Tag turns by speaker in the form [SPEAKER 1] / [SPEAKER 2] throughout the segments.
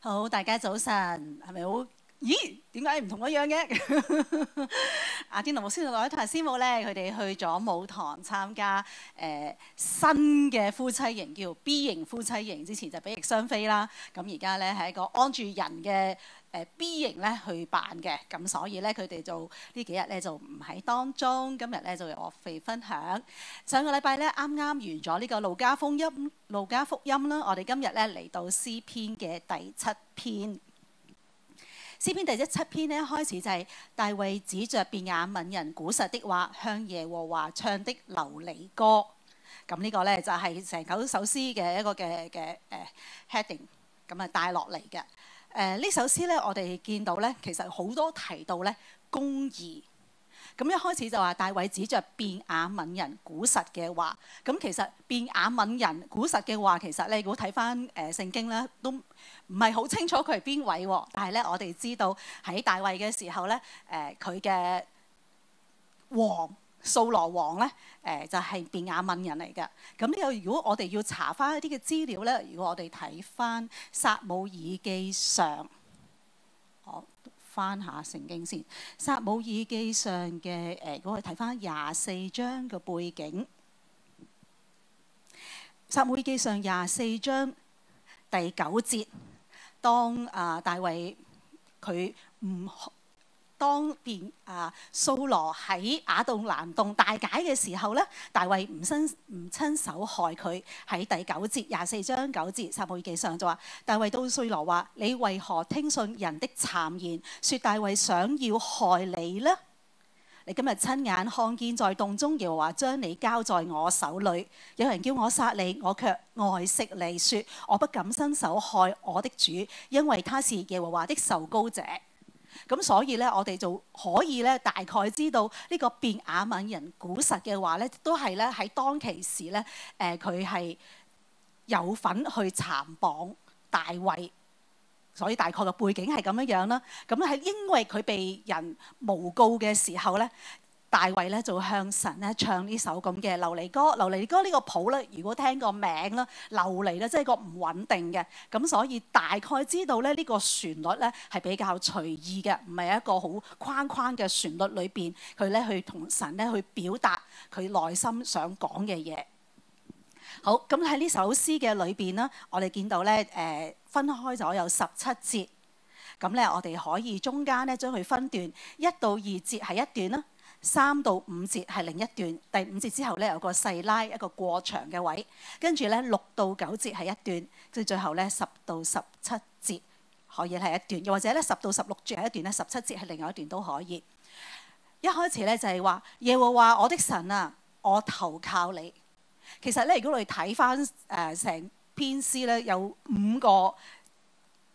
[SPEAKER 1] 好，大家早晨，係咪好？咦？點解唔同一樣嘅？ 阿天龍牧師同阿師母咧，佢哋去咗舞堂參加誒、呃、新嘅夫妻營，叫 B 型夫妻營。之前就比翼雙飛啦。咁而家咧係一個安住人嘅誒 B 型咧去辦嘅。咁所以咧，佢哋就幾呢幾日咧就唔喺當中。今日咧就由我肥分享。上個禮拜咧啱啱完咗呢、這個《路加福音》《路加福音》啦。我哋今日咧嚟到《詩篇》嘅第七篇。詩篇第一七篇咧，開始就係、是、 大衛指着便雅憫人古實的話，向耶和華唱的流離歌。咁、嗯這個、呢個咧就係成九首詩嘅一個嘅嘅誒 heading，咁啊帶落嚟嘅。誒、呃呃、呢首詩咧，我哋見到咧，其實好多提到咧公義。咁一開始就話大衛指着便雅憫人古實嘅話，咁其實便雅憫人古實嘅話，其實你如果睇翻誒聖經咧，都唔係好清楚佢係邊位。但係咧，我哋知道喺大衛嘅時候咧，誒佢嘅王掃羅王咧，誒、呃、就係、是、便雅憫人嚟嘅。咁呢個如果我哋要查翻一啲嘅資料咧，如果我哋睇翻撒母耳記上，好。翻下聖經先，薩爾《撒母耳記》上嘅誒，我哋睇翻廿四章嘅背景，《撒母耳記》上廿四章第九節，當啊、呃，大衛佢唔。當便啊，掃羅喺雅洞南洞大解嘅時候咧，大衛唔親唔親手害佢。喺第九節，廿四章九節，撒母耳記上就話：大衛到掃羅話，你為何聽信人的讒言，說大衛想要害你呢？你今日親眼看見在洞中，耶和華將你交在我手裏，有人叫我殺你，我卻愛惜你，說我不敢伸手害我的主，因為他是耶和華的受膏者。咁所以咧，我哋就可以咧大概知道呢個便雅憫人古實嘅話咧，都係咧喺當其時咧，誒佢係有份去殘綁大衛，所以大概嘅背景係咁樣樣啦。咁係因為佢被人誣告嘅時候咧。大衛咧就向神咧唱呢首咁嘅流離歌。流離歌個譜呢個譜咧，如果聽個名咧流離咧，即係個唔穩定嘅咁，所以大概知道咧呢、呢個旋律咧係比較隨意嘅，唔係一個好框框嘅旋律裏面。裏邊佢咧去同神咧去表達佢內心想講嘅嘢。好咁喺呢首詩嘅裏邊呢，我哋見到咧誒分開咗有十七節咁咧，我哋可以中間咧將佢分段一到二節係一段啦。三到五節係另一段，第五節之後咧有個細拉一個過長嘅位，跟住咧六到九節係一段，至最後咧十到十七節可以係一段，又或者咧十到十六節係一段咧，十七節係另外一段都可以。一開始咧就係話耶和華我的神啊，我投靠你。其實咧，如果我哋睇翻誒成篇詩咧，有五個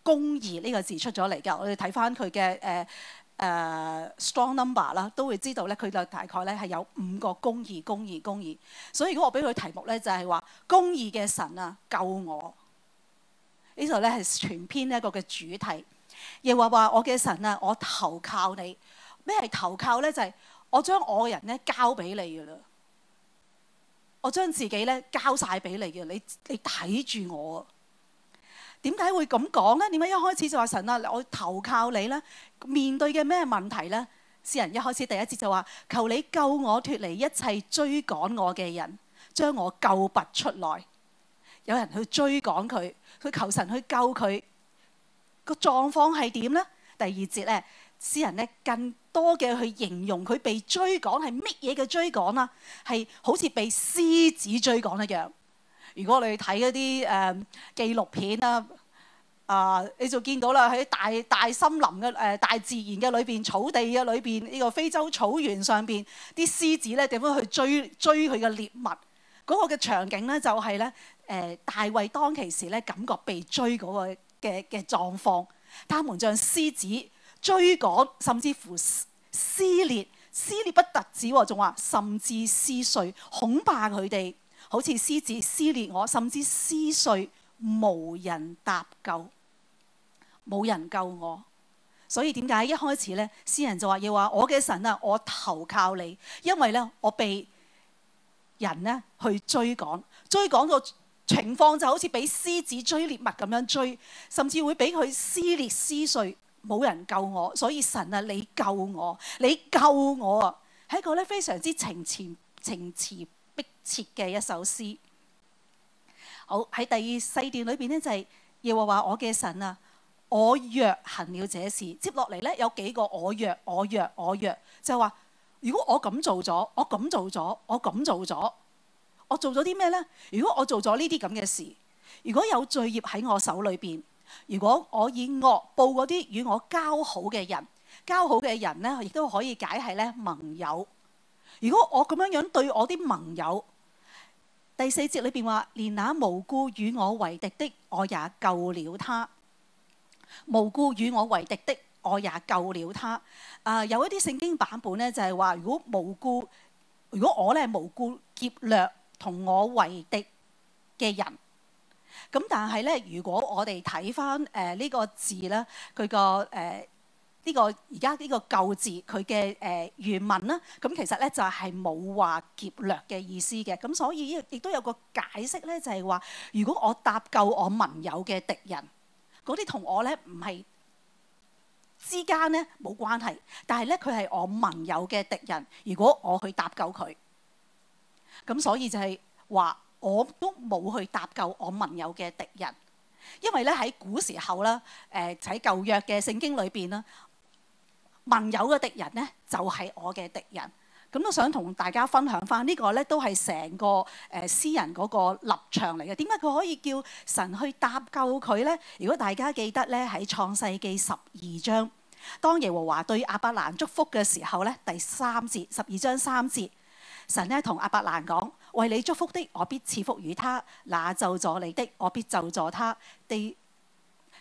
[SPEAKER 1] 公義呢個字出咗嚟㗎。我哋睇翻佢嘅誒。呃誒，uh，strong number 啦，都會知道咧，佢就大概咧係有五個公義、公義、公義。所以如果我俾佢題目咧，就係話公義嘅神啊，救我。呢度咧係全篇一個嘅主題，亦話，話我嘅神啊，我投靠你。咩係投靠咧？就係我將我嘅人咧交俾你噶啦，我將自己咧交晒俾你嘅，你你睇住我。點解會咁講呢？點解一開始就話神啊！我投靠你呢？面對嘅咩問題呢？詩人一開始第一節就話：求你救我脱離一切追趕我嘅人，將我救拔出來。有人去追趕佢，去求神去救佢。這個狀況係點呢？第二節呢，詩人咧更多嘅去形容佢被追趕係乜嘢嘅追趕啦，係好似被獅子追趕一樣。如果你睇一啲誒、呃、紀錄片啦、啊。啊！你就見到啦，喺大大森林嘅誒、呃、大自然嘅裏邊，草地嘅裏邊，呢、這個非洲草原上邊，啲獅子咧點樣去追追佢嘅獵物？嗰、那個嘅場景咧就係咧誒，大衛當其時咧感覺被追嗰、那個嘅嘅狀況。他們像獅子追趕，甚至乎撕裂、撕裂不得止，仲話甚至撕碎，恐怕佢哋，好似獅子撕裂我，甚至撕碎，無人搭救。冇人救我，所以點解一開始呢，詩人就話，耶和華我嘅神啊，我投靠你，因為呢，我被人呢去追趕，追趕個情況就好似俾獅子追獵物咁樣追，甚至會俾佢撕裂撕碎，冇人救我，所以神啊，你救我，你救我啊，係一個呢非常之情切情辭逼切嘅一首詩。好，喺第二細段裏邊呢，就係、是、耶和華我嘅神啊。我若行了這事。接落嚟咧有幾個我若、我若、我若，就係話，如果我咁做咗，我咁做咗，我咁做咗，我做咗啲咩呢？如果我做咗呢啲咁嘅事，如果有罪孽喺我手裏邊，如果我以惡報嗰啲與我交好嘅人，交好嘅人咧亦都可以解係咧盟友。如果我咁樣樣對我啲盟友，第四節裏邊話，連那無故與我為敵的，我也救了他。無故與我為敵的，我也救了他。啊、呃，有一啲聖經版本咧，就係、是、話如果無故，如果我咧無故劫掠同我為敵嘅人，咁、嗯、但係咧，如果我哋睇返誒呢個字咧，佢、呃這個誒呢個而家呢個救字，佢嘅誒原文啦，咁、嗯、其實咧就係、是、冇話劫掠嘅意思嘅。咁、嗯、所以亦都有個解釋咧，就係、是、話如果我搭救我盟友嘅敵人。嗰啲同我咧唔係之間咧冇關係，但係咧佢係我盟友嘅敵人。如果我去搭救佢，咁所以就係話我都冇去搭救我盟友嘅敵人，因為咧喺古時候咧，誒喺舊約嘅聖經裏邊啦，盟友嘅敵人咧就係我嘅敵人。咁都想同大家分享翻呢個咧，都係成個誒詩人嗰個立場嚟嘅。點解佢可以叫神去搭救佢咧？如果大家記得咧，喺創世記十二章，當耶和華對亞伯蘭祝福嘅時候咧，第三節十二章三節，神咧同亞伯蘭講：為你祝福的，我必賜福與他；那咒詛你的，我必咒詛他。地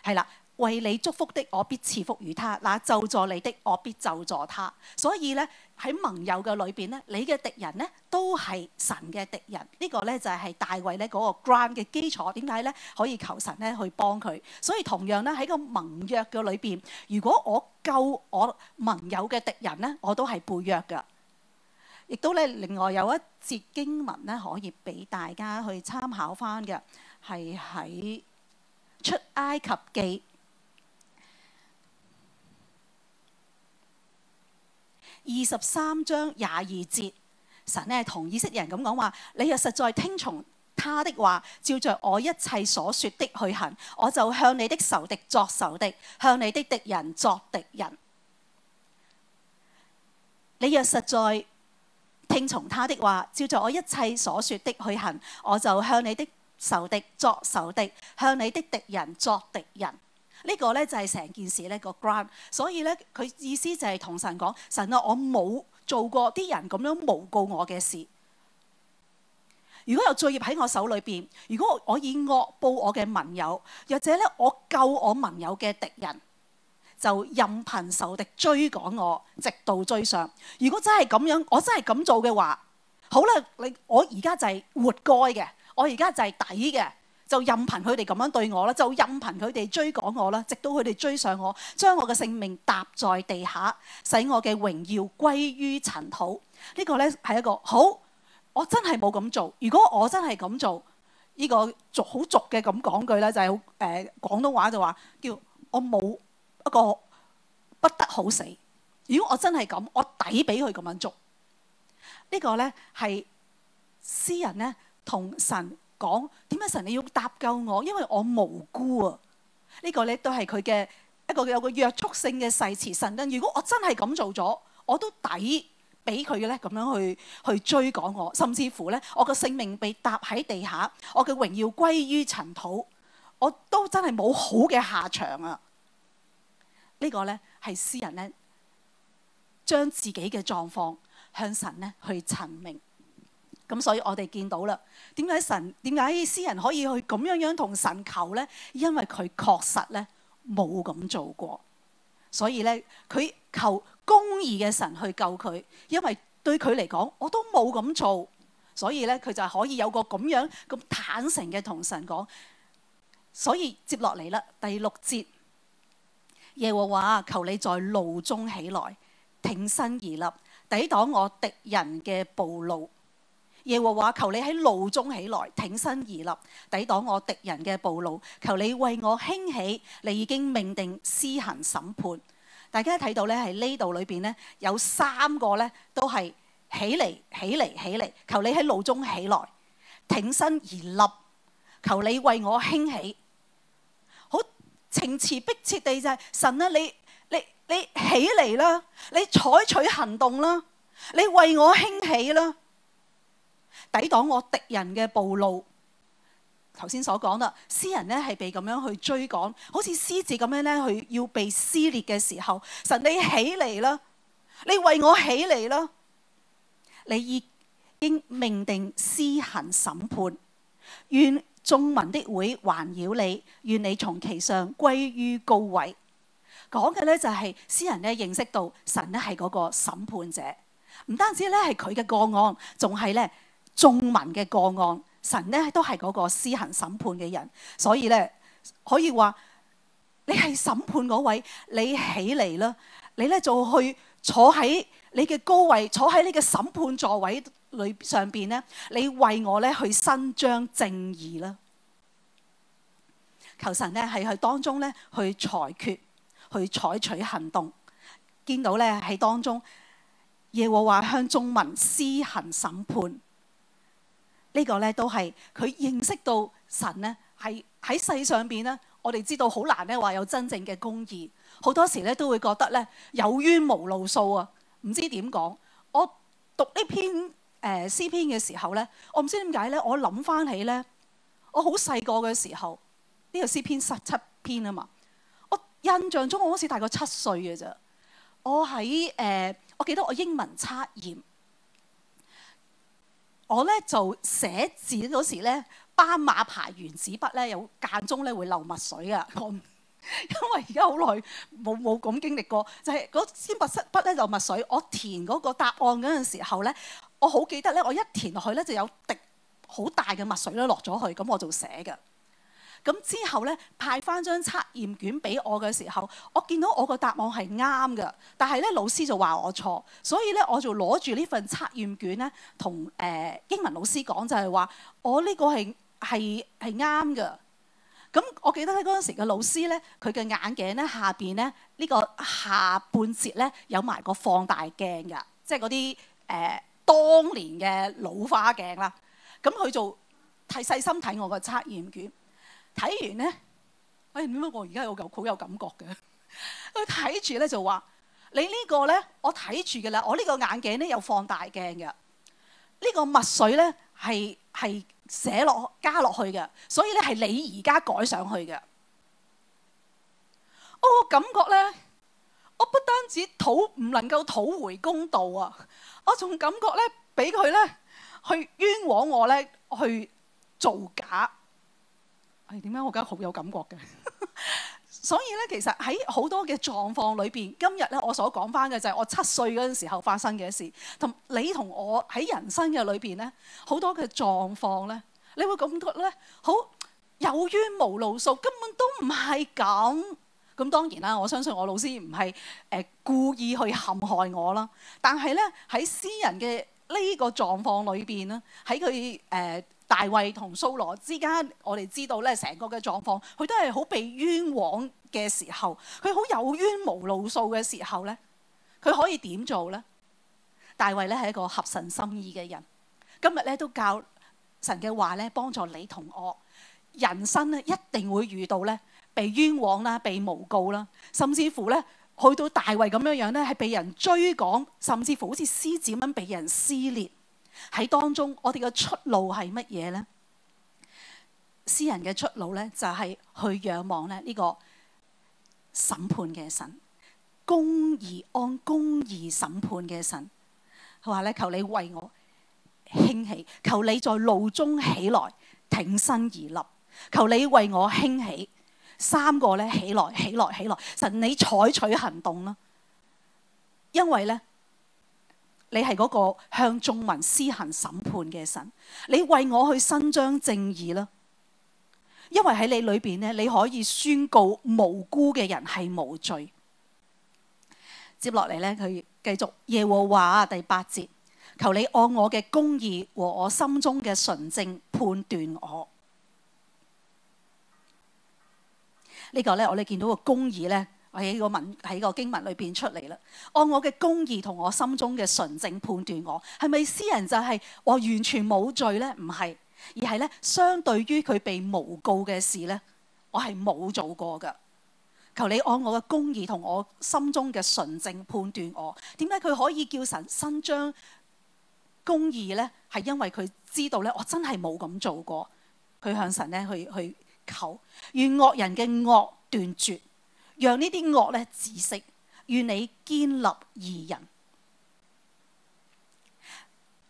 [SPEAKER 1] 係啦。為你祝福的，我必賜福於他；那救助你的，我必救助他。所以咧喺盟友嘅裏邊咧，你嘅敵人咧都係神嘅敵人。這個、呢個咧就係、是、大衛咧嗰個 ground 嘅基礎。點解咧可以求神咧去幫佢？所以同樣咧喺個盟約嘅裏邊，如果我救我盟友嘅敵人咧，我都係背約噶。亦都咧另外有一節經文咧可以俾大家去參考翻嘅，係喺出埃及記。二十三章廿二節，神呢，同以色列人咁講話：你若實在聽從他的話，照着我一切所說的去行，我就向你的仇敵作仇敵，向你的敵人作敵人。你若實在聽從他的話，照着我一切所說的去行，我就向你的仇敵作仇敵，向你的敵人作敵人。呢個呢就係成件事呢個 ground，所以呢，佢意思就係同神講：神啊，我冇做過啲人咁樣誣告我嘅事。如果有罪孽喺我手裏邊，如果我以惡報我嘅盟友，或者呢，我救我盟友嘅敵人，就任憑仇敵追趕我，直到追上。如果真係咁樣，我真係咁做嘅話，好啦，你我而家就係活該嘅，我而家就係抵嘅。就任憑佢哋咁樣對我啦，就任憑佢哋追趕我啦，直到佢哋追上我，將我嘅性命踏在地下，使我嘅榮耀歸於塵土。呢個呢係一個好，我真係冇咁做。如果我真係咁做，呢個俗好俗嘅咁講句呢，就係好誒，廣東話就話叫我冇一個不得好死。如果我真係咁，我抵俾佢咁樣捉。呢個呢係詩人呢同神。講，點解神你要搭救我？因為我無辜啊！這個、呢個咧都係佢嘅一個有個約束性嘅誓詞。神啊，如果我真係咁做咗，我都抵俾佢咧咁樣去去追趕我，甚至乎咧我嘅性命被搭喺地下，我嘅榮耀歸於塵土，我都真係冇好嘅下場啊！這個、呢個咧係詩人咧，將自己嘅狀況向神咧去陳明。咁所以我哋見到啦，點解神，點解詩人可以去咁樣樣同神求呢？因為佢確實咧冇咁做過，所以咧佢求公義嘅神去救佢，因為對佢嚟講我都冇咁做，所以咧佢就可以有個咁樣咁坦誠嘅同神講。所以接落嚟啦，第六節，耶和華，求你在怒中起來，挺身而立，抵擋我敵人嘅暴怒。耶和華，求你喺怒中起來，挺身而立，抵擋我敵人嘅暴怒。求你為我興起，你已經命定施行審判。大家睇到咧，喺呢度裏邊咧有三個咧都係起嚟，起嚟，起嚟。求你喺怒中起來，挺身而立。求你為我興起，好情詞逼切地就係、是、神啊！你你你，你起嚟啦，你採取行動啦，你為我興起啦。抵擋我敵人嘅暴怒。頭先所講啦，詩人呢係被咁樣去追趕，好似獅子咁樣呢，佢要被撕裂嘅時候，神你起嚟啦，你為我起嚟啦，你已經命定施行審判，願眾民的會環繞你，願你從其上歸於高位。講嘅呢就係、是、詩人咧認識到神咧係嗰個審判者，唔單止咧係佢嘅個案，仲係呢。眾民嘅個案，神咧都係嗰個施行審判嘅人，所以咧可以話，你係審判嗰位，你起嚟啦，你咧就去坐喺你嘅高位，坐喺你嘅審判座位裏上邊咧，你為我咧去伸張正義啦。求神咧係去當中咧去裁決，去採取行動，見到咧喺當中耶和華向眾民施行審判。個呢個咧都係佢認識到神咧，係喺世上邊咧，我哋知道好難咧話有真正嘅公義，好多時咧都會覺得咧有冤無路訴啊，唔知點講。我讀呢篇誒詩篇嘅時候咧，我唔知點解咧，我諗翻起咧，我好細個嘅時候，呢、這個詩篇十七篇啊嘛，我印象中我好似大概七歲嘅咋。我喺誒、呃，我記得我英文測驗。我咧就寫字嗰時咧，斑馬牌原子筆咧有間中咧會漏墨水嘅，我唔，因為而家好耐冇冇咁經歷過，就係嗰支筆筆咧漏墨水。我填嗰個答案嗰陣時候咧，我好記得咧，我一填落去咧就有滴好大嘅墨水咧落咗去，咁我就寫嘅。咁之後咧，派翻張測驗卷俾我嘅時候，我見到我個答案係啱㗎，但係咧老師就話我錯，所以咧我就攞住呢份測驗卷咧，同誒、呃、英文老師講就係、是、話，我呢個係係係啱㗎。咁、嗯、我記得咧嗰陣時嘅老師咧，佢嘅眼鏡咧下邊咧呢、這個下半截咧有埋個放大鏡㗎，即係嗰啲誒當年嘅老花鏡啦。咁、嗯、佢就睇細心睇我個測驗卷。睇完呢，哎，點解我而家我好有感覺嘅？佢睇住呢就話：你呢個呢，我睇住嘅啦。我呢個眼鏡呢，有放大鏡嘅，呢個墨水呢，係係寫落加落去嘅，所以呢，係你而家改上去嘅。我感覺呢，我不單止討唔能夠討回公道啊，我仲感覺呢，俾佢呢，去冤枉我呢，去造假。點解我覺得好有感覺嘅？ 所以咧，其實喺好多嘅狀況裏邊，今日咧我所講翻嘅就係我七歲嗰陣時候發生嘅事，同你同我喺人生嘅裏邊咧，好多嘅狀況咧，你會感覺咧好有冤無路訴，根本都唔係咁。咁當然啦，我相信我老師唔係誒故意去陷害我啦。但係咧喺私人嘅呢個狀況裏邊咧，喺佢誒。呃大衛同掃羅之間，我哋知道咧，成個嘅狀況，佢都係好被冤枉嘅時候，佢好有冤無路訴嘅時候咧，佢可以點做咧？大衛咧係一個合神心意嘅人，今日咧都教神嘅話咧，幫助你同我，人生咧一定會遇到咧被冤枉啦、被誣告啦，甚至乎咧去到大衛咁樣樣咧，係被人追趕，甚至乎好似獅子咁樣被人撕裂。喺當中，我哋嘅出路係乜嘢呢？詩人嘅出路呢，就係、是、去仰望咧呢個審判嘅神，公義按公義審判嘅神，話咧求你為我興起，求你在路中起來挺身而立，求你為我興起，三個咧起來，起來，起來，神你採取行動啦，因為呢。你係嗰個向眾民施行審判嘅神，你為我去伸張正義啦，因為喺你裏邊咧，你可以宣告無辜嘅人係無罪。接落嚟咧，佢繼續耶和華第八節，求你按我嘅公義和我心中嘅純正判斷我。這個、呢個咧，我哋見到個公義咧，喺個文喺個經文裏邊出嚟啦。按我嘅公義同我心中嘅純正判斷，我係咪私人就係我完全冇罪呢？唔係，而係咧，相對於佢被誣告嘅事咧，我係冇做過噶。求你按我嘅公義同我心中嘅純正判斷我。點解佢可以叫神伸張公義呢？係因為佢知道咧，我真係冇咁做過。佢向神咧去去求，願惡人嘅惡斷絕。讓呢啲惡咧止息，願你堅立義人，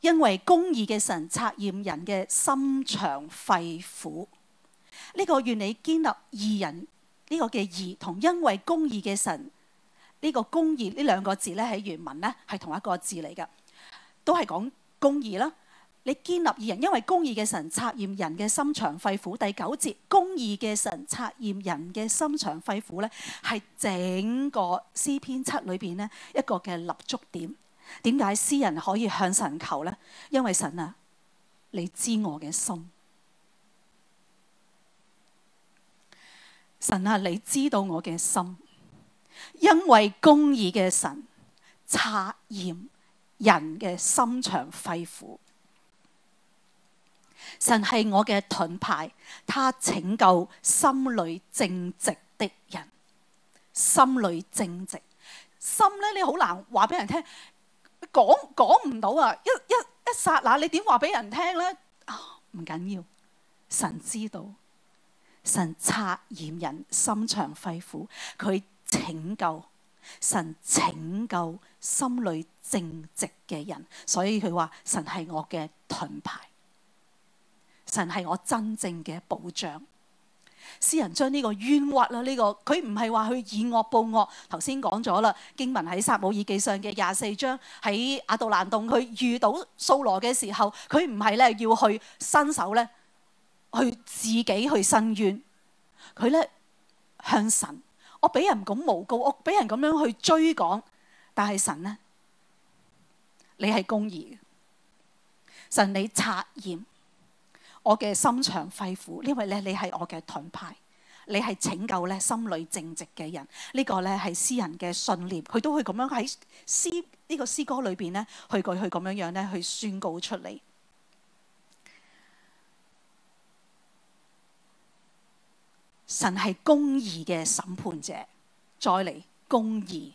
[SPEAKER 1] 因為公義嘅神察驗人嘅心腸肺腑。呢、這個願你堅立義人呢、這個嘅義，同因為公義嘅神呢、這個公義呢兩個字咧喺原文咧係同一個字嚟㗎，都係講公義啦。你建立義人，因為公義嘅神察驗人嘅心腸肺腑。第九節，公義嘅神察驗人嘅心腸肺腑呢，係整個詩篇七裏邊咧，一個嘅立足點。點解詩人可以向神求呢？因為神啊，你知我嘅心。神啊，你知道我嘅心，因為公義嘅神察驗人嘅心腸肺腑。神係我嘅盾牌，他拯救心裏正直的人。心裏正直，心咧你好難話俾人聽，講講唔到啊！一一一剎那，你點話俾人聽咧？唔、哦、緊要，神知道，神察驗人心腸肺腑，佢拯救，神拯救心裏正直嘅人，所以佢話神係我嘅盾牌。神係我真正嘅保障。詩人將呢個冤屈啊，呢、這個佢唔係話去以惡報惡。頭先講咗啦，經文喺撒母耳記上嘅廿四章，喺亞杜蘭洞佢遇到掃羅嘅時候，佢唔係咧要去伸手咧去自己去伸冤。佢咧向神，我俾人咁誣告，我俾人咁樣去追趕，但係神呢，你係公義嘅，神你察驗。我嘅心腸肺腑，因為咧你係我嘅盾牌，你係拯救咧心裏正直嘅人。呢、這個咧係詩人嘅信念，佢都會咁樣喺詩呢個詩歌裏邊咧，去佢去咁樣樣咧去宣告出嚟。神係公義嘅審判者，再嚟公義。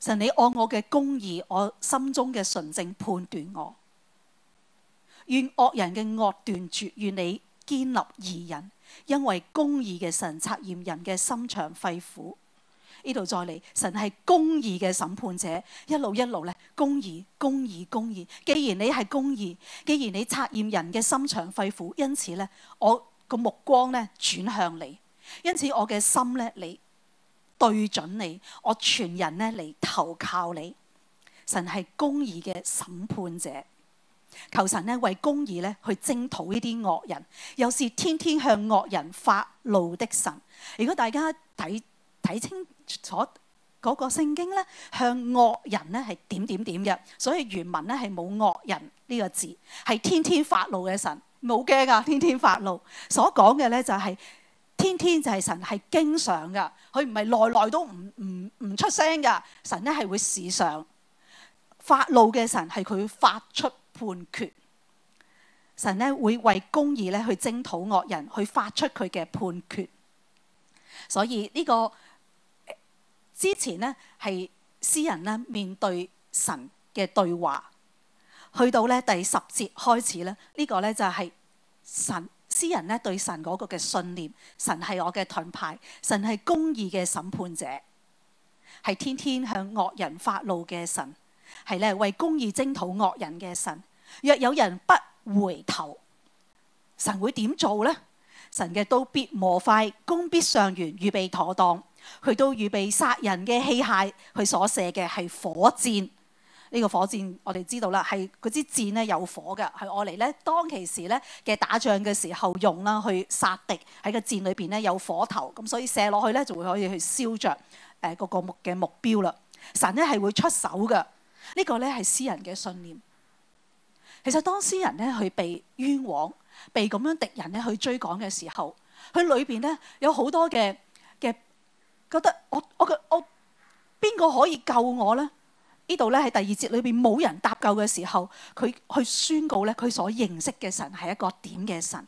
[SPEAKER 1] 神你按我嘅公義，我心中嘅純正判斷我。願惡人嘅惡斷絕，願你堅立義人，因為公義嘅神察驗人嘅心腸肺腑。呢度再嚟，神係公義嘅審判者，一路一路咧，公義、公義、公義。既然你係公義，既然你察驗人嘅心腸肺腑，因此咧，我個目光咧轉向你，因此我嘅心咧，你對準你，我全人咧嚟投靠你。神係公義嘅審判者。求神咧為公義咧去征討呢啲惡人，又是天天向惡人發怒的神。如果大家睇睇清楚嗰個聖經咧，向惡人咧係點點點嘅，所以原文咧係冇惡人呢、這個字，係天天發怒嘅神冇驚啊！天天發怒所講嘅咧就係、是、天天就係神係經常噶，佢唔係內內都唔唔唔出聲噶，神咧係會時常發怒嘅神係佢發出判決，神咧會為公義咧去征討惡人，去發出佢嘅判決。所以呢、這個之前咧係詩人咧面對神嘅對話，去到咧第十節開始咧，呢、這個咧就係神詩人咧對神嗰個嘅信念，神係我嘅盾牌，神係公義嘅審判者，係天天向惡人發怒嘅神。係咧，為公義征討惡人嘅神，若有人不回頭，神會點做呢？神嘅刀必磨快，弓必上弦，預備妥當。佢都預備殺人嘅器械。佢所射嘅係火箭。呢個火箭我哋知道啦，係嗰支箭呢有火嘅，係我嚟呢，當其時呢嘅打仗嘅時候用啦去殺敵。喺個箭裏邊呢有火頭，咁所以射落去呢就會可以去燒着誒嗰個目嘅目標啦。神呢係會出手嘅。呢個呢係詩人嘅信念。其實當詩人呢去被冤枉、被咁樣敵人呢去追趕嘅時候，佢裏邊呢有好多嘅嘅覺得我我嘅我邊個可以救我呢？呢呢度呢喺第二節裏邊冇人搭救嘅時候，佢去宣告呢，佢所認識嘅神係一個點嘅神。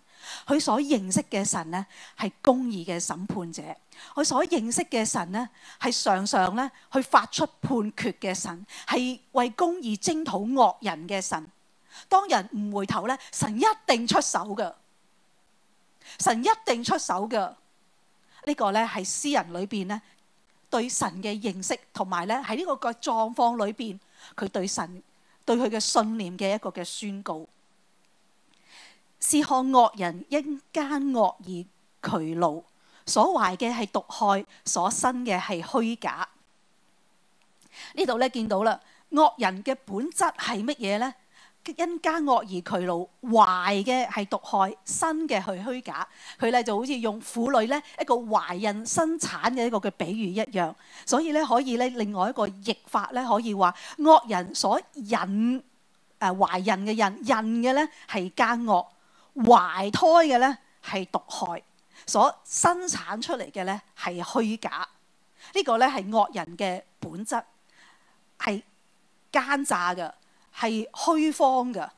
[SPEAKER 1] 佢所認識嘅神呢，係公義嘅審判者；佢所認識嘅神呢，係常常咧去發出判決嘅神，係為公義徵討惡人嘅神。當人唔回頭咧，神一定出手㗎，神一定出手㗎。呢個咧係詩人裏邊咧對神嘅認識，同埋咧喺呢個嘅狀況裏邊，佢對神對佢嘅信念嘅一個嘅宣告。試看惡人，因奸惡而劬勞。所懷嘅係毒害，所生嘅係虛假。呢度咧見到啦，惡人嘅本質係乜嘢咧？因奸惡而劬勞，懷嘅係毒害，生嘅係虛假。佢咧就好似用婦女咧一個懷孕生產嘅一個嘅比喻一樣。所以咧可以咧另外一個譯法咧可以話惡人所孕誒、啊、懷孕嘅孕孕嘅咧係奸惡。懷胎嘅咧係毒害，所生產出嚟嘅咧係虛假，呢個咧係惡人嘅本質，係奸詐嘅，係虛謊嘅，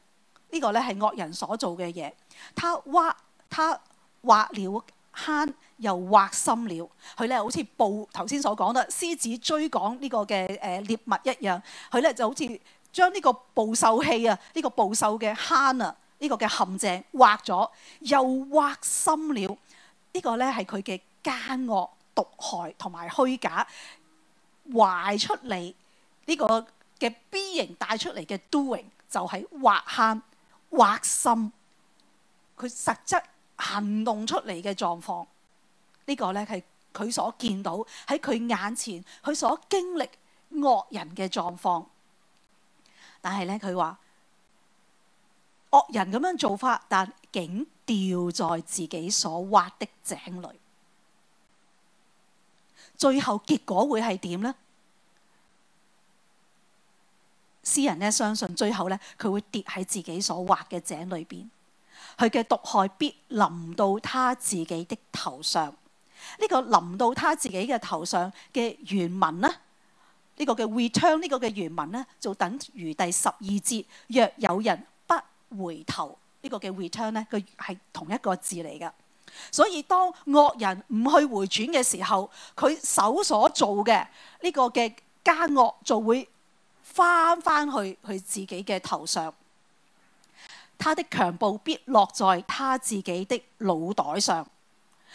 [SPEAKER 1] 呢個咧係惡人所做嘅嘢。他挖，他挖了坑又挖深了，佢咧好似暴頭先所講啦，獅子追趕呢個嘅誒獵物一樣，佢咧就好似將呢個捕獸器啊，呢個捕獸嘅坑啊。呢個嘅陷阱挖咗，又挖深了。呢個呢，係佢嘅奸惡、毒害同埋虛假，壞出嚟。呢個嘅 B 型帶出嚟嘅 doing 就係挖坑、挖深。佢實質行動出嚟嘅狀況，呢個呢，係佢所見到喺佢眼前，佢所經歷惡人嘅狀況。但係呢，佢話。惡人咁樣做法，但竟掉在自己所挖的井裏，最後結果會係點呢？詩人呢相信最後呢，佢會跌喺自己所挖嘅井裏邊，佢嘅毒害必臨到他自己的頭上。呢、這個臨到他自己嘅頭上嘅原文呢？呢、這個嘅會唱呢個嘅原文呢，就等於第十二節，若有人。回頭呢、這個嘅 return 咧，佢係同一個字嚟嘅。所以當惡人唔去回轉嘅時候，佢手所做嘅呢個嘅奸惡就會翻翻去佢自己嘅頭上。他的強暴必落在他自己的腦袋上，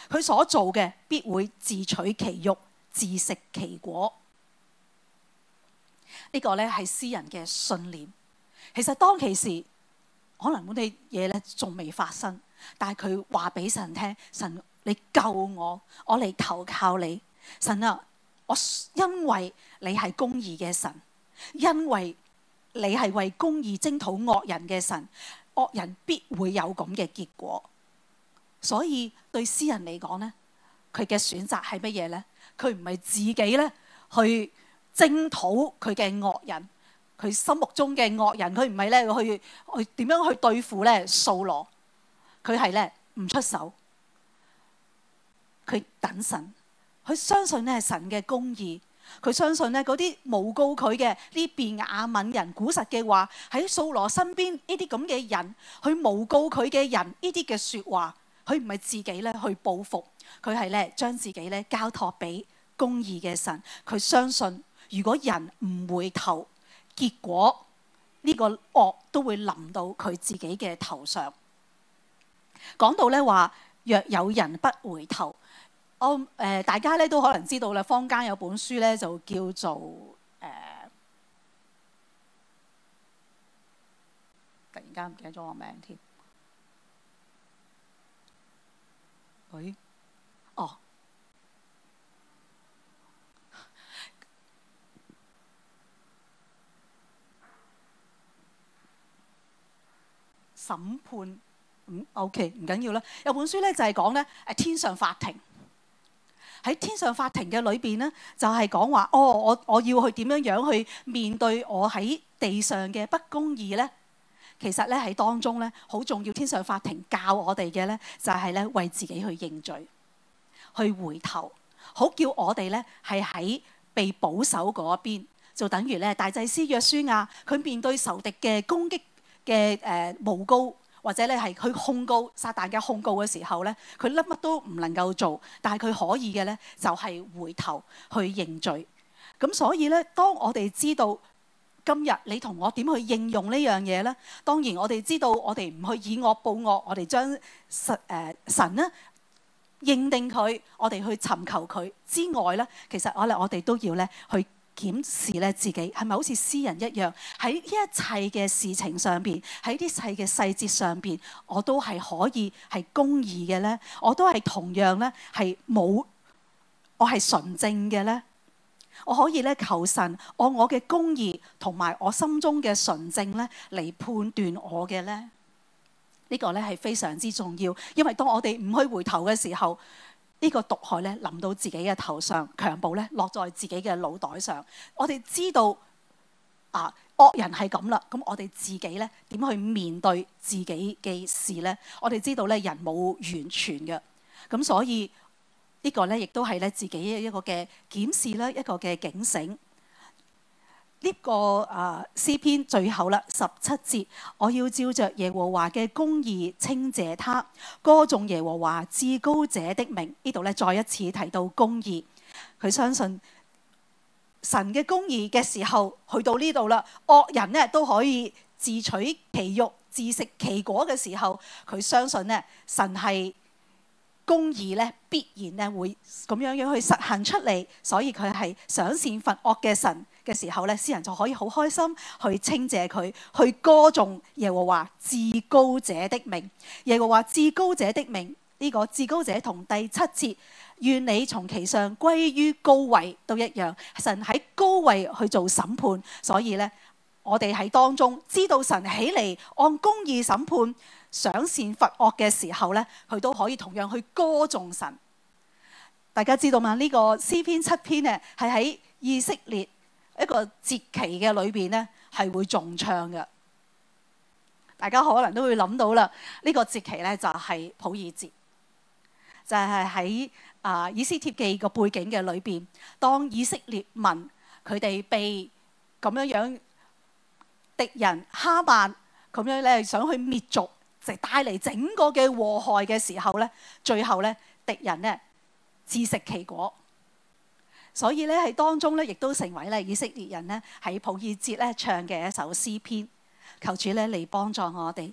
[SPEAKER 1] 佢所做嘅必會自取其辱，自食其果。這個、呢個咧係私人嘅信念。其實當其時。可能嗰啲嘢咧仲未發生，但係佢話俾神聽，神，你救我，我嚟投靠你。神啊，我因為你係公義嘅神，因為你係為公義征討惡人嘅神，惡人必會有咁嘅結果。所以對詩人嚟講咧，佢嘅選擇係乜嘢咧？佢唔係自己咧去征討佢嘅惡人。佢心目中嘅惡人，佢唔係咧去去點樣去對付咧掃羅。佢係咧唔出手，佢等神。佢相信咧係神嘅公義，佢相信咧嗰啲誣告佢嘅呢便雅憫人古實嘅話，喺掃羅身邊呢啲咁嘅人去誣告佢嘅人，呢啲嘅説話，佢唔係自己咧去報復，佢係咧將自己咧交託俾公義嘅神。佢相信，如果人唔回頭，結果呢、呢個惡都會臨到佢自己嘅頭上。講到咧話，若有人不回頭，我、哦、誒、呃、大家咧都可能知道啦。坊間有本書咧就叫做誒、呃，突然間唔記得咗我名添。喂、哎！，審判。嗯 OK，唔緊要啦。有本書咧就係講咧，誒天上法庭，喺天上法庭嘅裏邊咧，就係講話哦，我我要去點樣樣去面對我喺地上嘅不公義咧。其實咧喺當中咧好重要，天上法庭教我哋嘅咧就係咧為自己去認罪，去回頭，好叫我哋咧係喺被保守嗰邊，就等於咧大祭司約書亞佢面對仇敵嘅攻擊。嘅誒誣告或者咧係去控告撒旦嘅控告嘅時候咧，佢粒乜都唔能夠做，但係佢可以嘅咧就係回頭去認罪。咁所以咧，當我哋知道今日你同我點去應用呢樣嘢咧，當然我哋知道我哋唔去以惡報惡，我哋將神誒神咧認定佢，我哋去尋求佢之外咧，其實我哋我哋都要咧去。檢視咧自己係咪好似詩人一樣，喺一切嘅事情上邊，喺啲細嘅細節上邊，我都係可以係公義嘅呢？我都係同樣呢，係冇我係純正嘅呢？我可以咧求神按我嘅公義同埋我心中嘅純正呢嚟判斷我嘅呢？呢個呢係非常之重要，因為當我哋唔去回頭嘅時候。呢個毒害咧臨到自己嘅頭上，強暴咧落在自己嘅腦袋上，我哋知道啊惡人係咁啦，咁我哋自己咧點去面對自己嘅事咧？我哋知道咧人冇完全嘅，咁所以、這個、呢個咧亦都係咧自己一個嘅檢視啦，一個嘅警醒。呢個啊詩篇最後啦，十七節，我要照着耶和華嘅公義稱謝他，歌頌耶和華至高者的名。呢度咧再一次提到公義，佢相信神嘅公義嘅時候，去到呢度啦，惡人呢，都可以自取其辱、自食其果嘅時候，佢相信呢，神係公義咧，必然咧會咁樣樣去實行出嚟，所以佢係賞善罰惡嘅神。嘅時候咧，詩人就可以好開心去稱謝佢，去歌頌耶和華至高者的名。耶和華至高者的名，呢個至高者同第七節願你從其上歸於高位都一樣。神喺高位去做審判，所以咧我哋喺當中知道神起嚟按公義審判賞善罰惡嘅時候咧，佢都可以同樣去歌頌神。大家知道嘛？呢個詩篇七篇呢，係喺以色列。一個節期嘅裏邊呢，係會重唱嘅。大家可能都會諗到啦，這個、節呢個節期咧就係普珥節，就係喺啊《以斯帖記》個背景嘅裏面。當以色列民佢哋被咁樣樣敵人哈曼咁樣咧想去滅族，就帶、是、嚟整個嘅禍害嘅時候呢，最後呢，敵人呢，自食其果。所以咧，喺當中咧，亦都成為咧，以色列人呢，喺普爾節咧唱嘅一首詩篇。求主咧嚟幫助我哋，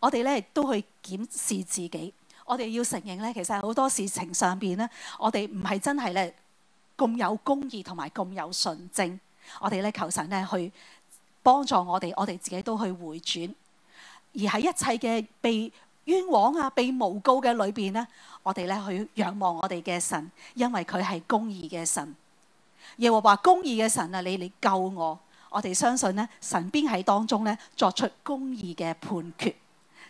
[SPEAKER 1] 我哋咧都去檢視自己，我哋要承認咧，其實好多事情上邊咧，我哋唔係真係咧咁有公義同埋咁有純正。我哋咧求神咧去幫助我哋，我哋自己都去回轉，而喺一切嘅被。冤枉啊！被誣告嘅裏邊呢，我哋咧去仰望我哋嘅神，因為佢係公義嘅神。耶和華公義嘅神啊，你嚟救我！我哋相信呢，神必喺當中咧作出公義嘅判決。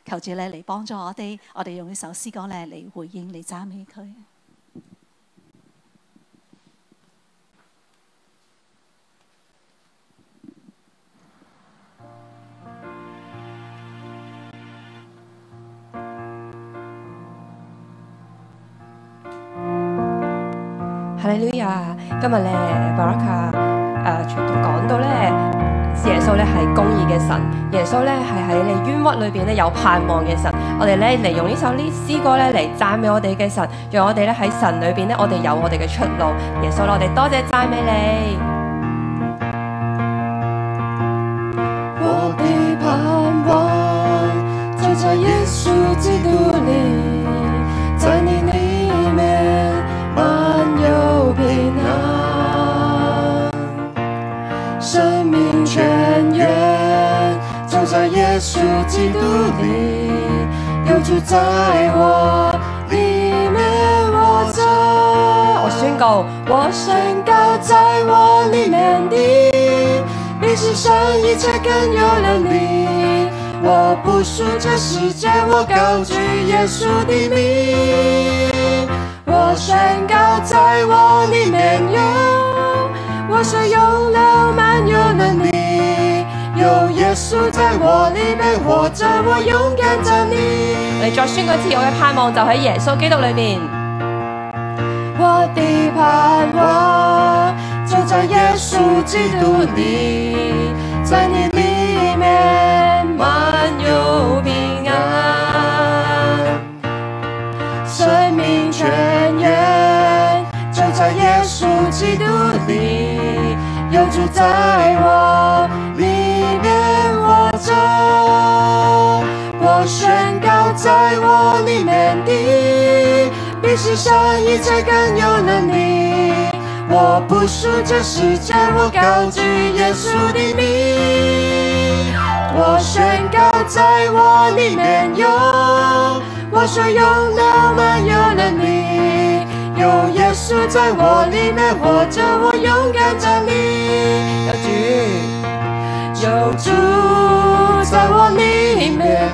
[SPEAKER 1] 求主咧嚟幫助我哋，我哋用呢首詩歌咧嚟回應，嚟讚美佢。
[SPEAKER 2] 哈利路亞！今日
[SPEAKER 1] 咧，巴拉卡誒，全部講到呢，耶穌呢係公義嘅神，耶穌呢係喺你冤屈裏面咧有盼望嘅神。我哋呢嚟用呢首呢詩歌咧嚟讚美我哋嘅神，讓我哋咧喺神裏面呢，面我哋有我哋嘅出路。耶穌，我哋多謝讚美你。
[SPEAKER 2] 基督的，要住在我裏面，我宣告，我宣告，在我裏面的比世上一切更有能力，我不輸這世界，我高舉耶穌的名，我宣告，在我裏面有，我是有了滿有耶穌在我裏面，我，我勇敢着你嚟，再宣個次，我嘅盼望就喺
[SPEAKER 1] 耶穌基督裏面。
[SPEAKER 2] 我的盼望就在耶穌基督裏，在你裏面滿有平安、啊，生命泉源就在耶穌基督裏，又住在我。我宣告在我裏面的，比世上一切更有能力。我不屬這世界，我高舉耶穌的名。我宣告在我裏面有，我所擁有滿了你，有耶穌在我裏面活着，我，叫我勇敢站立。有主在我裏面。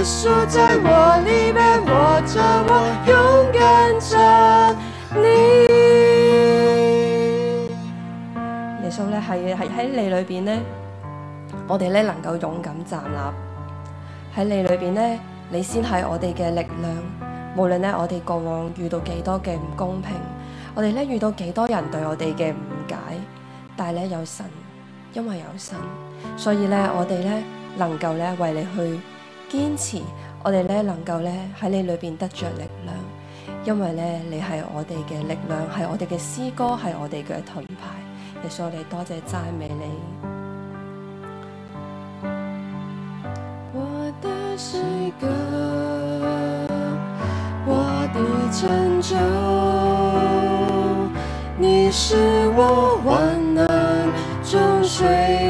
[SPEAKER 2] 耶穌在我裏面，握着我，勇敢着你。
[SPEAKER 1] 耶穌咧，係係喺你裏邊呢？我哋咧，能夠勇敢站立。喺你
[SPEAKER 2] 裏邊呢，你先係我哋嘅力量。無論咧，我哋過往遇到幾多嘅唔公平，我哋咧，遇到幾多人對我哋嘅誤解，但係咧，有神，
[SPEAKER 1] 因為有神，
[SPEAKER 2] 所以咧我哋咧能夠咧為你去堅
[SPEAKER 1] 持，我哋咧能夠咧喺你裏邊得着力量，因為咧你係我哋嘅力量，係我哋嘅詩歌，係我哋嘅盾牌。耶穌，我哋多謝讚美你。我
[SPEAKER 2] 的詩歌，我的， 我的拯救，你是我患難中誰？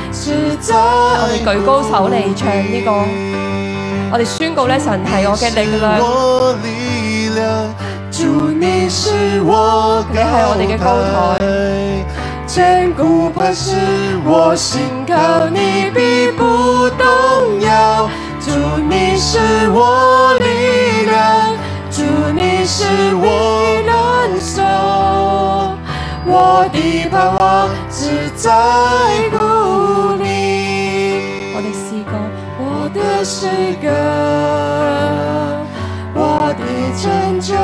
[SPEAKER 1] 我哋舉高手嚟唱呢個，我哋宣告呢神係我嘅力
[SPEAKER 2] 量，你係我哋嘅高台，堅固磐石我心靠你必不動搖，祝你是我力量，祝你是我能手，我的盼望實在估。這是個我的拯救，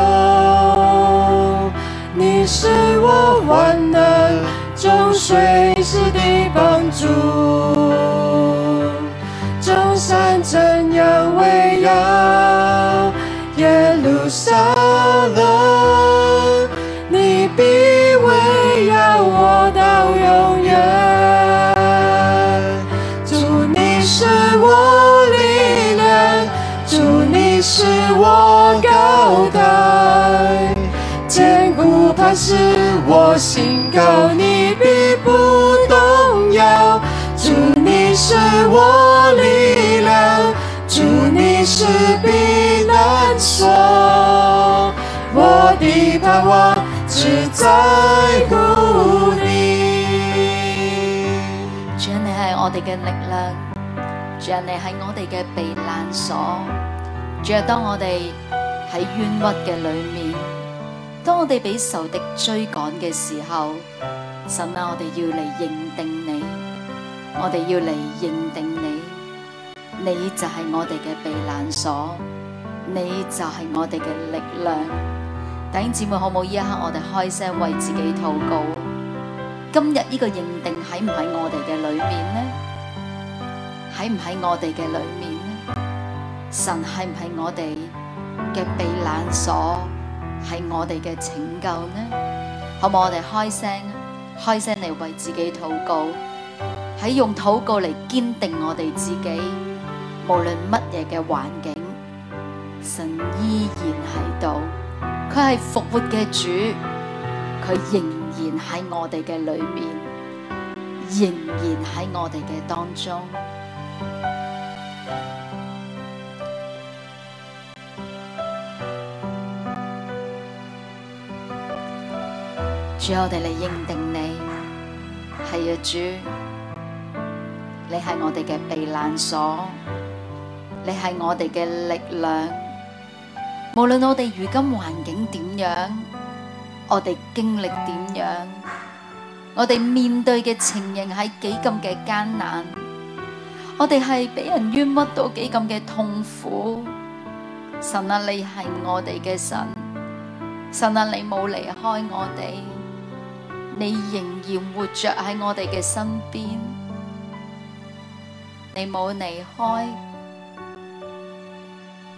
[SPEAKER 2] 你是我患難中隨時的幫助，就算怎樣為，心高你必不動搖，主你是我力量，主你是避
[SPEAKER 3] 難所，我的盼望只在乎你。主啊，你係我哋嘅力量，主啊，你係我哋嘅避難所，主啊，當我哋喺冤屈嘅裏面。當我哋畀仇敵追趕嘅時候，神啊，我哋要嚟認定你，我哋要嚟認定你，你就係我哋嘅避難所，你就係我哋嘅力量。弟兄姊妹，可唔可以？呢一刻我哋開聲為自己禱告。今日呢個認定喺唔喺我哋嘅裏面呢？喺唔喺我哋嘅裏面呢？神係唔係我哋嘅避難所？係我哋嘅拯救呢？好唔好？我哋開聲，開聲嚟為自己禱告，喺用禱告嚟堅定我哋自己。無論乜嘢嘅環境，神依然喺度，佢係復活嘅主，佢仍然喺我哋嘅裏邊，仍然喺我哋嘅當中。主，我哋嚟認定你係啊主，你係我哋嘅避難所，你係我哋嘅力量。無論我哋如今環境點樣，我哋經歷點樣，我哋面對嘅情形係幾咁嘅艱難，我哋係俾人冤屈到幾咁嘅痛苦。神啊，你係我哋嘅神，神啊，你冇離開我哋。你仍然活着喺我哋嘅身邊，你冇離開，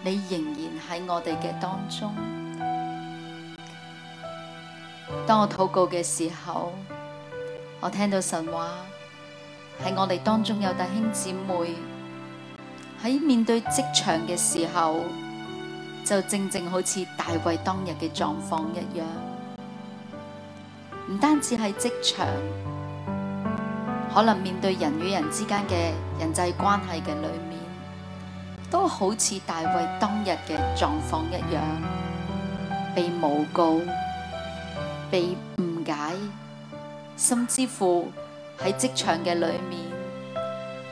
[SPEAKER 3] 你仍然喺我哋嘅當中。當我禱告嘅時候，我聽到神話，喺我哋當中有弟兄姊妹，喺面對職場嘅時候，就正正好似大衛當日嘅狀況一樣。唔單止係職場，可能面對人與人之間嘅人際關係嘅裏面，都好似大衛當日嘅狀況一樣，被誣告、被誤解，甚至乎喺職場嘅裏面，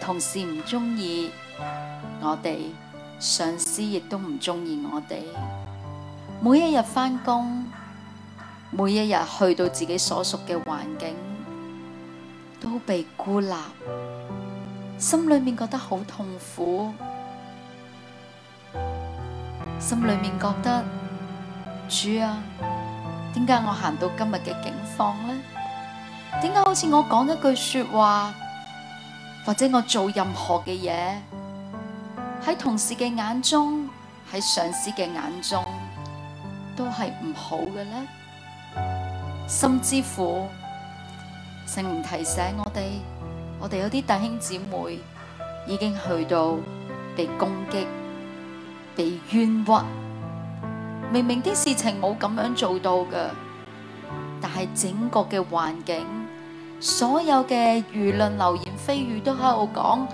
[SPEAKER 3] 同事唔中意我哋，上司亦都唔中意我哋，每一日返工。每一日去到自己所屬嘅環境，都被孤立，心裏面覺得好痛苦，心裏面覺得主啊，點解我行到今日嘅境況呢？點解好似我講一句說話，或者我做任何嘅嘢，喺同事嘅眼中，喺上司嘅眼中，都係唔好嘅呢？心之苦，聖靈提醒我哋，我哋有啲弟兄姊妹已經去到被攻擊、被冤屈。明明啲事情冇咁樣做到嘅，但係整個嘅環境、所有嘅輿論、流言蜚語都喺度講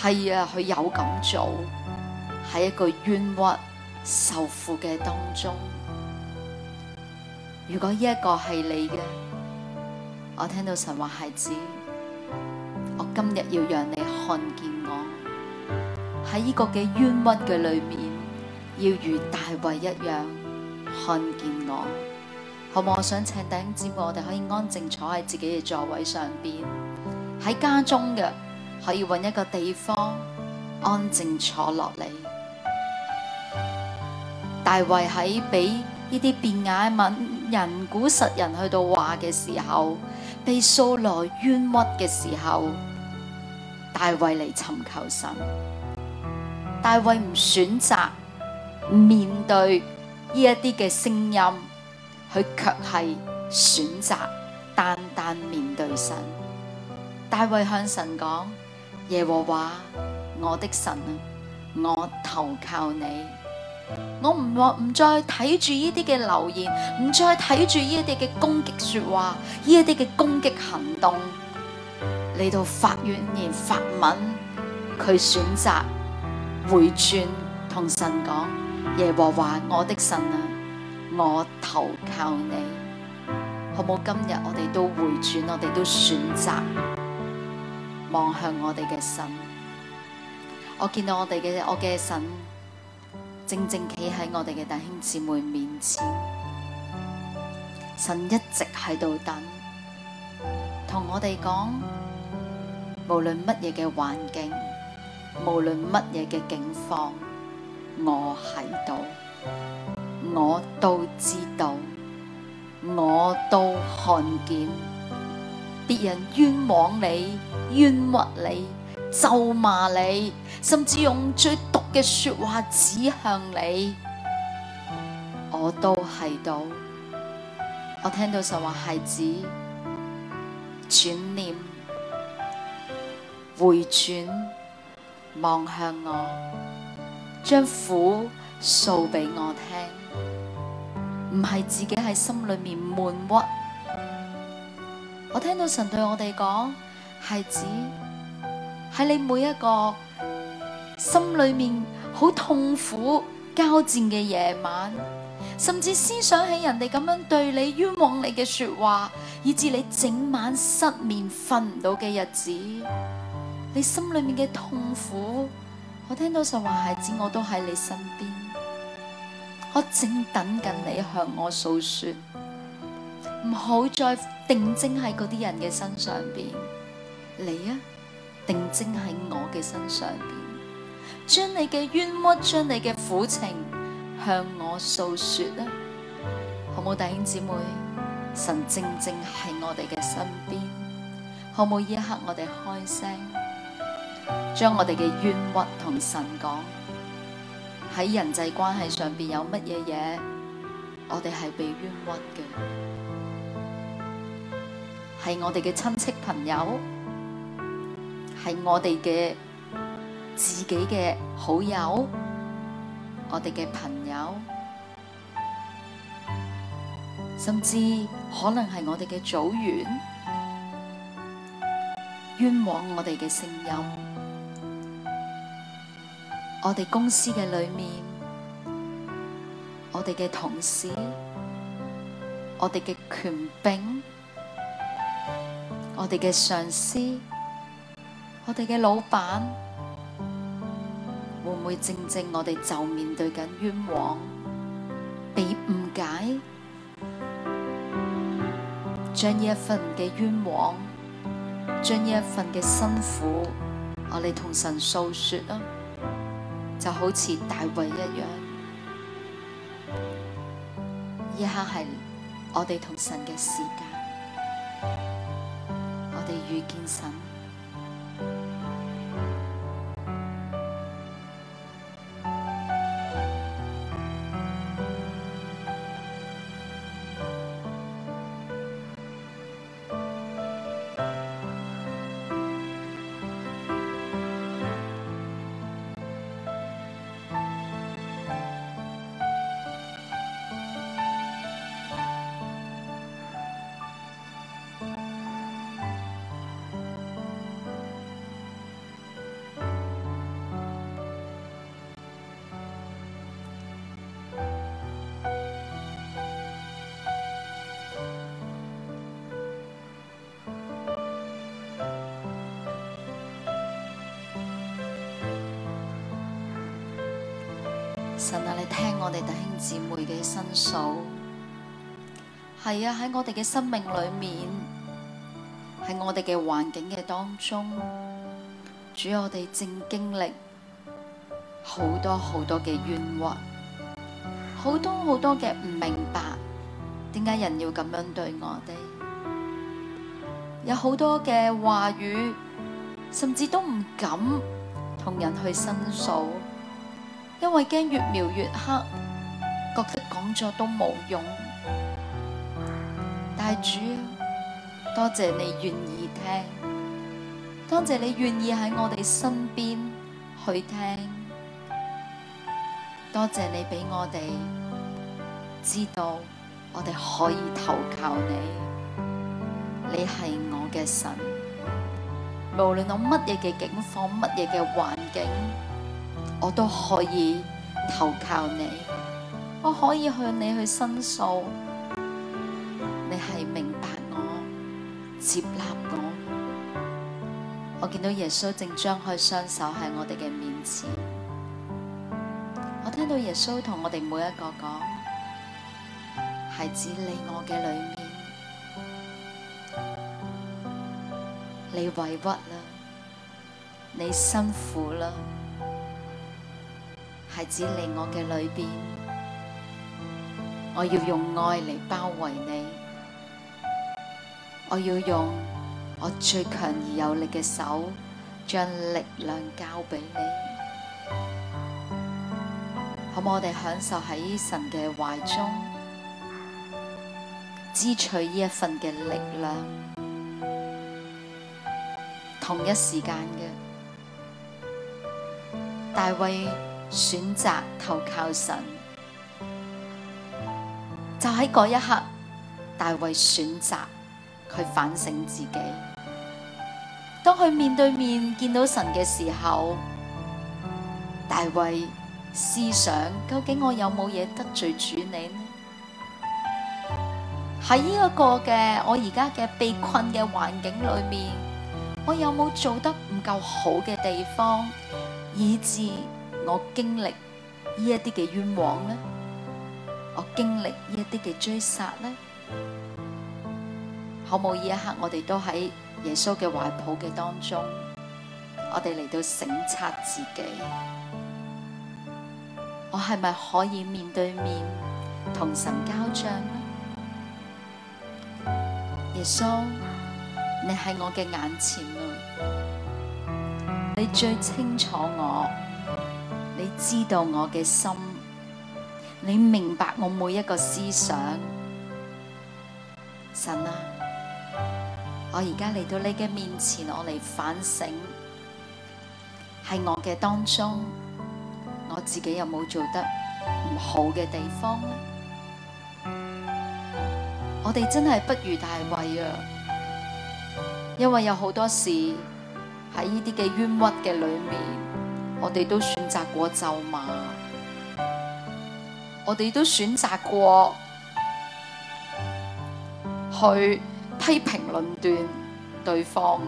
[SPEAKER 3] 係啊，佢有咁做，喺一個冤屈受苦嘅當中。如果呢一個係你嘅，我聽到神話，孩子，我今日要讓你看見我喺呢個嘅冤屈嘅裏面，要如大衛一樣看見我，好唔好？我想請弟兄姊妹我哋可以安靜坐喺自己嘅座位上邊，喺家中嘅可以搵一個地方安靜坐落嚟。大衛喺俾呢啲便雅憫。人古實人去到話嘅時候，被掃羅冤屈嘅時候，大衛嚟尋求神。大衛唔選擇面對呢一啲嘅聲音，佢卻係選擇單單面對神。大衛向神講：耶和華，我的神啊，我投靠你。我唔再唔再睇住呢啲嘅留言，唔再睇住呢啲嘅攻擊說話，呢一啲嘅攻擊行動，嚟到發怨言、發文，佢選擇回轉同神講，耶和華我的神啊，我投靠你，好冇？今日我哋都回轉，我哋都選擇望向我哋嘅神，我見到我哋嘅我嘅神。正正企喺我哋嘅弟兄姊妹面前，神一直喺度等，同我哋講，無論乜嘢嘅環境，無論乜嘢嘅境況，我喺度，我都知道，我都看見，別人冤枉你、冤屈你、咒罵你，甚至用最嘅說話指向你，我都係到。我聽到神話指，孩子，轉念回轉望向我，將苦訴俾我聽，唔係自己喺心裏面悶屈。我聽到神對我哋講，孩子喺你每一個。心裏面好痛苦交戰嘅夜晚，甚至思想起人哋咁樣對你冤枉你嘅說話，以致你整晚失眠瞓唔到嘅日子，你心裏面嘅痛苦，我聽到神話，孩子，我都喺你身邊，我正等緊你向我訴說，唔好再定睛喺嗰啲人嘅身上邊，你啊，定睛喺我嘅身上邊。將你嘅冤屈，將你嘅苦情向我訴說啦，好冇，弟兄姊妹？神正正喺我哋嘅身邊，好冇？呢一刻我哋開聲，將我哋嘅冤屈同神講，喺人際關係上邊有乜嘢嘢，我哋係被冤屈嘅，係我哋嘅親戚朋友，係我哋嘅。自己嘅好友，我哋嘅朋友，甚至可能係我哋嘅組員，冤枉我哋嘅聲音，我哋公司嘅裏面，我哋嘅同事，我哋嘅權柄，我哋嘅上司，我哋嘅老板。唔會正正我哋就面對緊冤枉、被誤解，將呢一份嘅冤枉、將呢一份嘅辛苦，我哋同神訴說啦，就好似大衛一樣。以下係我哋同神嘅時間，我哋遇見神。神啊，你聽我哋弟兄姊妹嘅申訴。係啊，喺我哋嘅生命裏面，喺我哋嘅環境嘅當中，主要我哋正經歷好多好多嘅冤屈，好多好多嘅唔明白，點解人要咁樣對我哋？有好多嘅話語，甚至都唔敢同人去申訴。因為驚越描越黑，覺得講咗都冇用。但係主，多謝你願意聽，多謝你願意喺我哋身邊去聽，多謝你俾我哋知道我哋可以投靠你，你係我嘅神。無論諗乜嘢嘅境況，乜嘢嘅環境。我都可以投靠你，我可以向你去申訴，你係明白我，接納我。我見到耶穌正張開雙手喺我哋嘅面前，我聽到耶穌同我哋每一個講：孩子，你我嘅裏面，你委屈啦，你辛苦啦。孩子嚟我嘅裏邊，我要用愛嚟包圍你，我要用我最強而有力嘅手將力量交俾你，可唔可以我哋享受喺神嘅懷中，支取呢一份嘅力量？同一時間嘅大衛。選擇投靠神，就喺嗰一刻，大衛選擇去反省自己。當佢面對面見到神嘅時候，大衛思想究竟，我有冇嘢得罪主你呢？喺呢一個嘅我而家嘅被困嘅環境裏面，我有冇做得唔夠好嘅地方，以致……」我經歷呢一啲嘅冤枉咧，我經歷呢一啲嘅追殺咧，可唔可以呢一刻我哋都喺耶穌嘅懷抱嘅當中，我哋嚟到省察自己，我係咪可以面對面同神交賬咧？耶穌，你喺我嘅眼前啊，你最清楚我。你知道我嘅心，你明白我每一個思想，神啊！我而家嚟到你嘅面前，我嚟反省，喺我嘅當中，我自己有冇做得唔好嘅地方咧？我哋真係不如大衛啊！因為有好多事喺呢啲嘅冤屈嘅裏面。我哋都選擇過咒罵，我哋都選擇過去批評論斷，斷對方，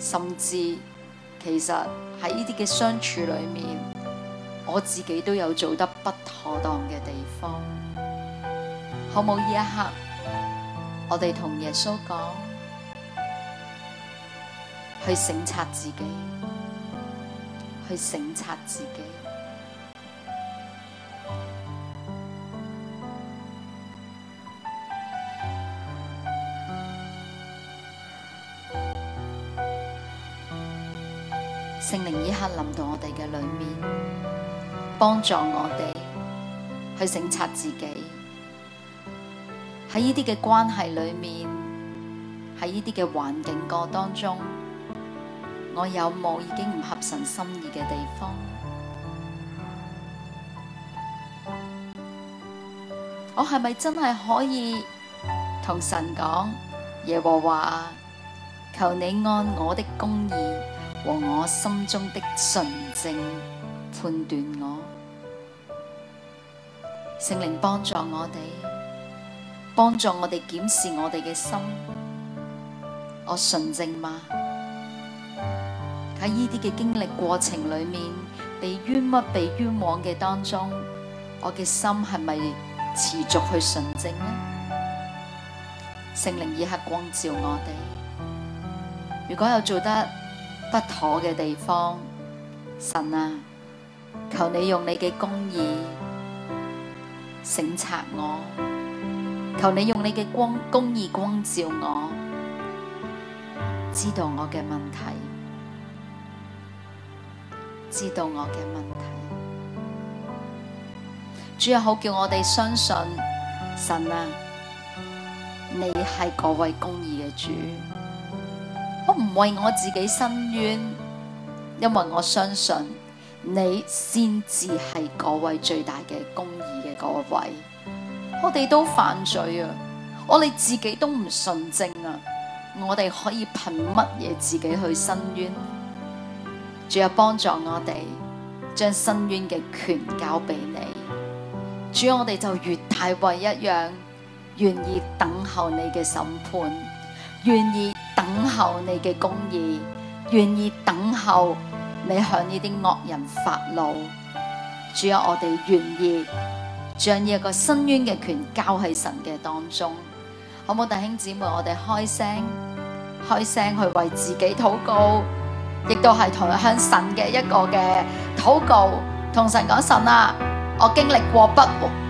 [SPEAKER 3] 甚至其實喺呢啲嘅相處裏面，我自己都有做得不妥當嘅地方，可唔可以？呢一刻，我哋同耶穌講，去省察自己。去省察自己，聖靈此刻臨到我哋嘅裏面，幫助我哋去省察自己。喺呢啲嘅關係裏面，喺呢啲嘅環境個當中。我有冇已經唔合神心意嘅地方？我係咪真係可以同神講：「耶和華，求你按我嘅公義和我心中嘅純正判斷我。」聖靈幫助我哋，幫助我哋檢視我哋嘅心。我純正嗎？喺呢啲嘅經歷過程裏面，被冤屈、被冤枉嘅當中，我嘅心係咪持續去純正呢？聖靈即刻光照我哋，如果有做得不妥嘅地方，神啊，求你用你嘅公義省察我，求你用你嘅光公義光照我，知道我嘅問題。知道我嘅問題，主又好叫我哋相信神啊！你係嗰位公義嘅主，我唔為我自己申冤，因為我相信你先至係嗰位最大嘅公義嘅嗰位。我哋都犯罪啊！我哋自己都唔純正啊！我哋可以憑乜嘢自己去申冤？主有幫助我哋將申冤嘅權交俾你。主，我哋就越大衛一樣，願意等候你嘅審判，願意等候你嘅公義，願意等候你向呢啲惡人發怒。主有我哋願意將呢一個申冤嘅權交喺神嘅當中。好冇？弟兄姊妹，我哋開聲，開聲去為自己禱告。亦都係同向神嘅一個嘅禱告，同神講神啊，我經歷過不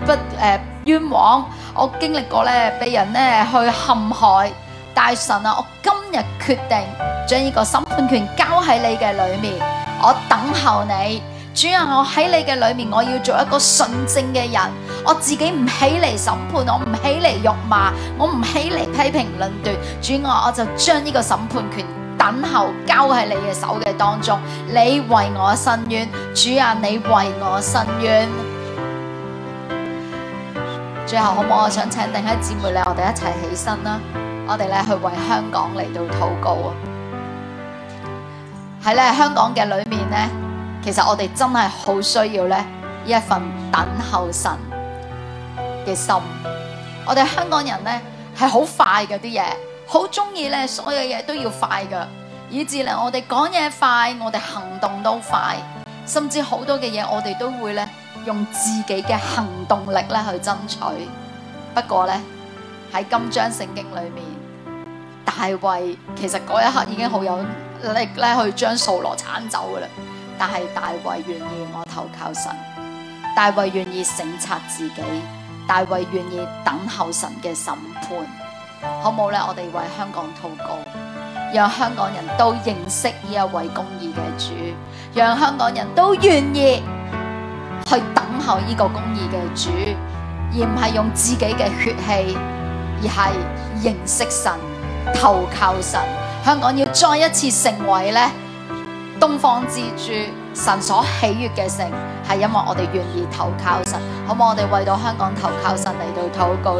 [SPEAKER 3] 不誒冤枉，我經歷過呢俾人呢去陷害，但係神啊，我今日決定將呢個審判權交喺你嘅裏面，我等候你，主啊，我喺你嘅裏面，我要做一個純正嘅人，我自己唔起嚟審判，我唔起嚟辱罵，我唔起嚟批評論斷，主啊，我就將呢個審判權。等候交喺你嘅手嘅當中，你為我伸冤，主啊，你為我伸冤。最後好唔好啊？我想請定喺姊妹咧，我哋一齊起身啦，我哋咧去為香港嚟到禱告啊！喺咧香港嘅裏面咧，其實我哋真係好需要咧呢一份等候神嘅心。我哋香港人咧係好快嘅啲嘢。好中意咧，所有嘢都要快噶，以至咧我哋講嘢快，我哋行動都快，甚至好多嘅嘢我哋都會咧用自己嘅行動力咧去爭取。不過咧喺今章聖經裏面，大衛其實嗰一刻已經好有力咧去將掃羅鏟走噶啦，但係大衛願意我投靠神，大衛願意省察自己，大衛願意等候神嘅審判。好冇咧！我哋為香港禱告，讓香港人都認識呢一位公義嘅主，讓香港人都願意去等候呢個公義嘅主，而唔係用自己嘅血氣，而係認識神、投靠神。香港要再一次成為咧東方之珠，神所喜悅嘅城，係因為我哋願意投靠神。好冇，我哋為到香港投靠神嚟到禱告。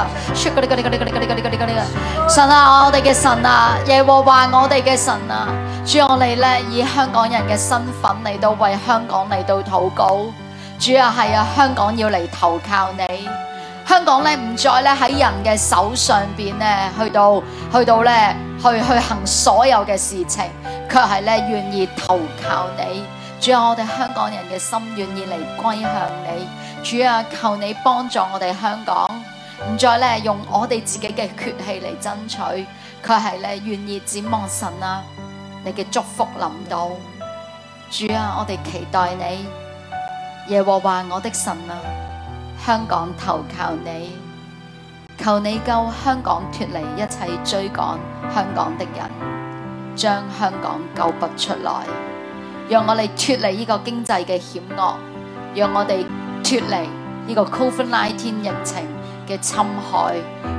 [SPEAKER 3] 出嗰啲嗰啲嗰啲嗰啲嗰啲嗰啲嗰啲嗰啲嘅神啊！我哋嘅神啊，耶和華我哋嘅神啊！主啊，我哋咧以香港人嘅身份嚟到為香港嚟到禱告。主啊，係啊，香港要嚟投靠你。香港咧唔再咧喺人嘅手上邊咧，去到去到咧去去行所有嘅事情，卻係咧願意投靠你。主啊，我哋香港人嘅心願意嚟歸向你。主啊，求你幫助我哋香港。唔再咧用我哋自己嘅血氣嚟爭取，佢係咧願意展望神啊，你嘅祝福臨到主啊，我哋期待你。耶和華我的神啊，香港投靠你，求你救香港脫離一切追趕香港的人，將香港救不出來，讓我哋脫離呢個經濟嘅險惡，讓我哋脫離呢個 COVID-19 疫情嘅侵害，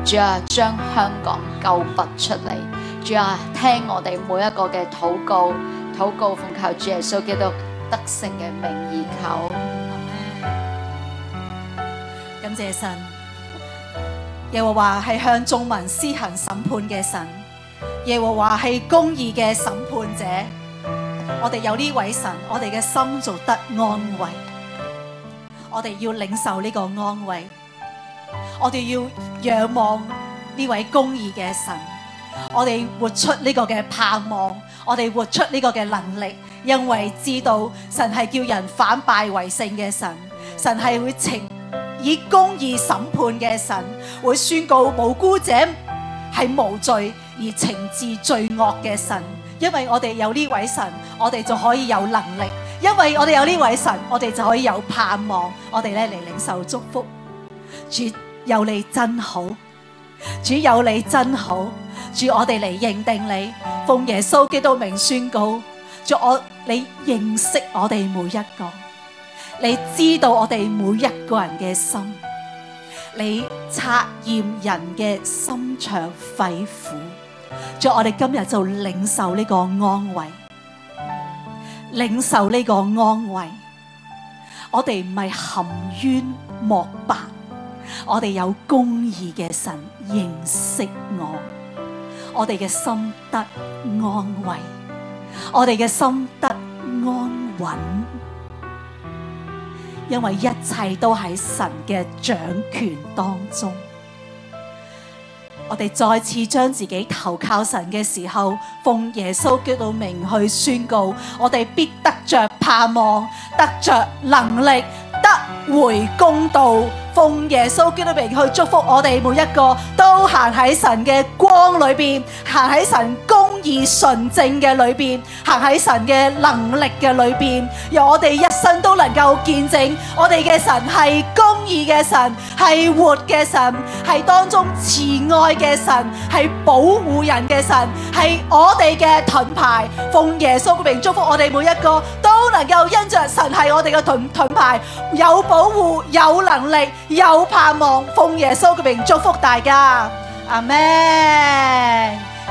[SPEAKER 3] 主啊將香港救拔出嚟，主啊聽我哋每一個嘅禱告，禱告奉求主耶穌基督得勝嘅名義求。
[SPEAKER 1] 感謝神，耶和華係向眾民施行審判嘅神，耶和華係公義嘅審判者，我哋有呢位神，我哋嘅心做得安慰，我哋要領受呢個安慰。我哋要仰望呢位公義嘅神，我哋活出呢個嘅盼望，我哋活出呢個嘅能力，因為知道神係叫人反敗為勝嘅神，神係會憑以公義審判嘅神，會宣告無辜者係無罪而懲治罪惡嘅神。因為我哋有呢位神，我哋就可以有能力；因為我哋有呢位神，我哋就可以有盼望，我哋咧嚟領受祝福，主。有你真好，主有你真好，主我哋嚟認定你，奉耶穌基督名宣告，主我，你認識我哋每一個，你知道我哋每一個人嘅心，你察驗人嘅心腸肺腑，主我哋今日就領受呢個安慰，領受呢個安慰，我哋唔係含冤莫白。我哋有公義嘅神認識我，我哋嘅心得安慰，我哋嘅心得安穩，因為一切都喺神嘅掌權當中。我哋再次將自己投靠神嘅時候，奉耶穌基督名去宣告，我哋必得着盼望，得着能力，得回公道。奉耶穌基督名去祝福我哋每一個，都行喺神嘅光裏邊，行喺神公義純正嘅裏邊，行喺神嘅能力嘅裏邊，由我哋一生都能夠見證，我哋嘅神係公義嘅神，係活嘅神，係當中慈愛嘅神，係保護人嘅神，係我哋嘅盾牌。奉耶穌名祝福我哋每一個，都能夠因着神係我哋嘅盾盾牌，有保護，有能力。又盼望奉耶穌嘅名祝福大家，阿門！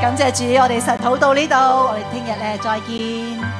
[SPEAKER 1] 感謝主，我哋實禱到呢度，我哋聽日咧再見。